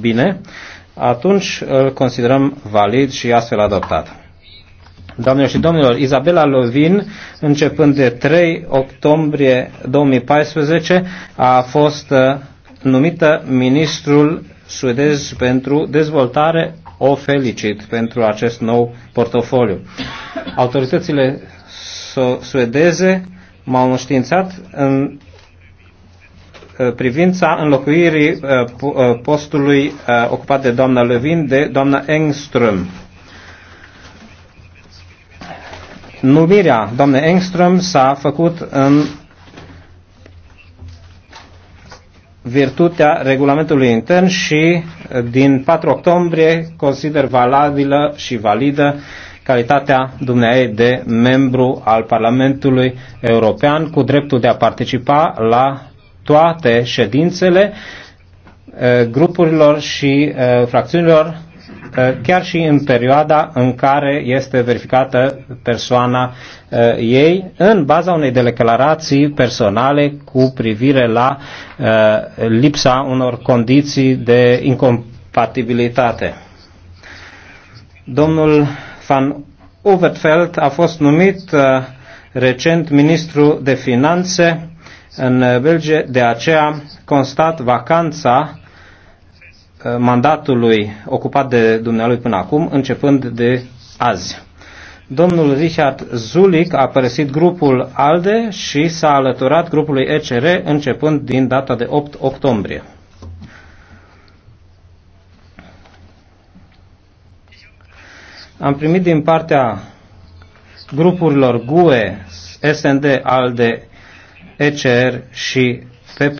Bine, atunci îl considerăm valid și astfel adoptat. Doamnelor și domnilor, Izabela Lovin, începând de 3 octombrie 2014, a fost uh, numită ministrul suedez pentru dezvoltare. O felicit pentru acest nou portofoliu. Autoritățile suedeze m-au înștiințat în Uh, privința înlocuirii uh, uh, postului ocupat de doamna Levin de doamna Engström. Numirea doamnei Engström s-a făcut în virtutea regulamentului intern și din 4 octombrie consider valabilă și validă calitatea dumneai de membru al Parlamentului European cu dreptul de a participa la toate ședințele uh, grupurilor și uh, fracțiunilor, uh, chiar și în perioada în care este verificată persoana ei, în baza unei declarații personale cu privire la lipsa unor condiții de incompatibilitate. Domnul Van Overtfeld a fost numit recent ministru de finanțe în Belgia, de aceea constat vacanța uh, mandatului ocupat de dumnealui până acum, începând de azi. Domnul Richard Zulic a părăsit grupul ALDE și s-a alăturat grupului ECR începând din data de 8 octombrie. Am primit din partea grupurilor GUE, SND, ALDE, ECR și